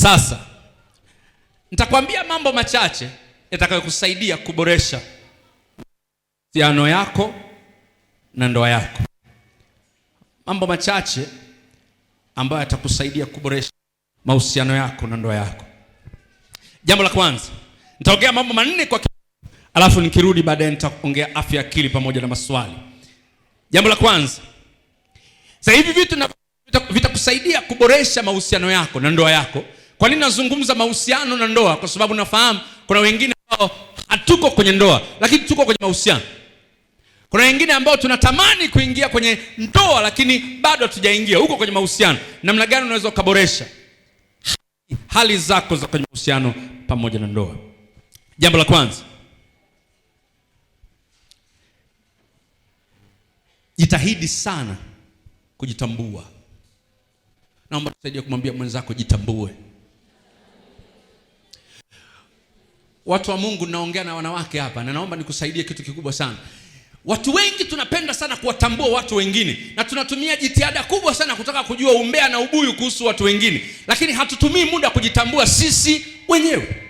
Sasa nitakwambia mambo machache yatakayokusaidia kuboresha mahusiano yako na ndoa yako, mambo machache ambayo yatakusaidia kuboresha mahusiano yako na ndoa yako. Jambo la kwanza, nitaongea mambo manne kwa alafu nikirudi baadaye nitaongea afya akili pamoja na maswali. Jambo la kwanza, sasa hivi vitu vitakusaidia kuboresha mahusiano yako na ndoa yako kwa nini nazungumza mahusiano na ndoa? Kwa sababu nafahamu kuna wengine ambao hatuko kwenye ndoa, lakini tuko kwenye mahusiano. Kuna wengine ambao tunatamani kuingia kwenye ndoa, lakini bado hatujaingia huko kwenye mahusiano. Namna gani unaweza ukaboresha hali zako za kwenye mahusiano pamoja na ndoa? Jambo la kwanza, jitahidi sana kujitambua. Naomba tusaidie kumwambia mwenzako jitambue. Watu wa Mungu, naongea na wanawake hapa na naomba nikusaidie kitu kikubwa sana. Watu wengi tunapenda sana kuwatambua watu wengine na tunatumia jitihada kubwa sana kutaka kujua umbea na ubuyu kuhusu watu wengine, lakini hatutumii muda kujitambua sisi wenyewe.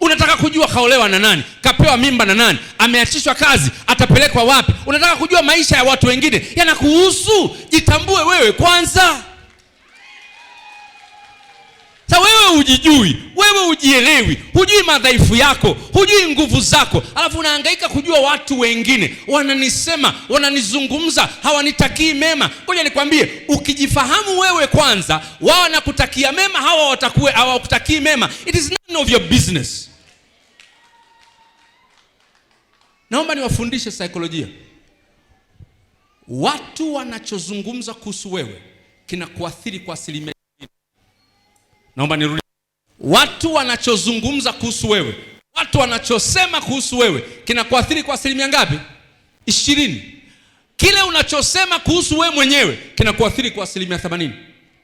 Unataka kujua kaolewa na nani, kapewa mimba na nani, ameachishwa kazi, atapelekwa wapi? Unataka kujua maisha ya watu wengine yanakuhusu? Jitambue wewe kwanza. Sa wewe hujijui wewe hujielewi, hujui madhaifu yako, hujui nguvu zako, alafu unahangaika kujua watu wengine wananisema, wananizungumza, hawanitakii mema. Ngoja nikwambie, ukijifahamu wewe kwanza, wao wanakutakia mema, hawa watakuwe hawakutakii mema. It is none of your business. Naomba niwafundishe saikolojia. Watu wanachozungumza kuhusu wewe kinakuathiri kwa asilimia. Naomba nirudi watu wanachozungumza kuhusu wewe, watu wanachosema kuhusu wewe kinakuathiri kwa asilimia ngapi? Ishirini. Kile unachosema kuhusu wewe mwenyewe kinakuathiri kwa asilimia themanini.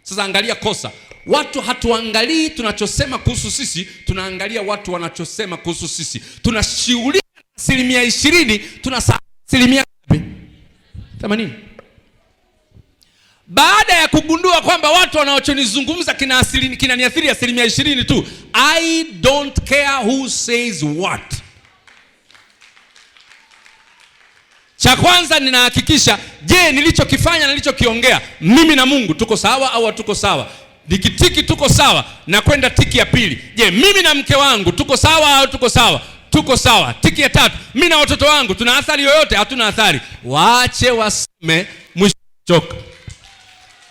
Sasa angalia kosa, watu hatuangalii tunachosema kuhusu sisi, tunaangalia watu wanachosema kuhusu sisi. Tunashughulia asilimia ishirini, tunasahau asilimia ngapi? Themanini baada ya kugundua kwamba watu wanaochonizungumza kinaniathiri kina asilimia ishirini tu. I don't care who says what. Cha kwanza ninahakikisha, je, nilichokifanya nilichokiongea, mimi na Mungu tuko sawa au hatuko sawa? Nikitiki tuko sawa, na kwenda tiki ya pili, je, mimi na mke wangu tuko sawa au tuko sawa? Tuko sawa. Tiki ya tatu, mimi na watoto wangu tuna athari yoyote? Hatuna athari. Waache waseme mwisho choka